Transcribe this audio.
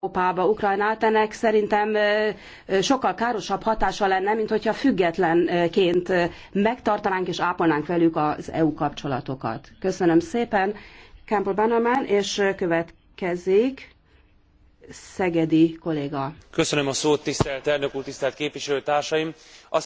Európába, Ukrajnát, ennek szerintem sokkal károsabb hatása lenne, mint hogyha függetlenként megtartanánk és ápolnánk velük az EU kapcsolatokat. Köszönöm szépen, Campbell Bannerman, és következik Szegedi kolléga. Köszönöm a szót, tisztelt elnök úr, tisztelt képviselőtársaim!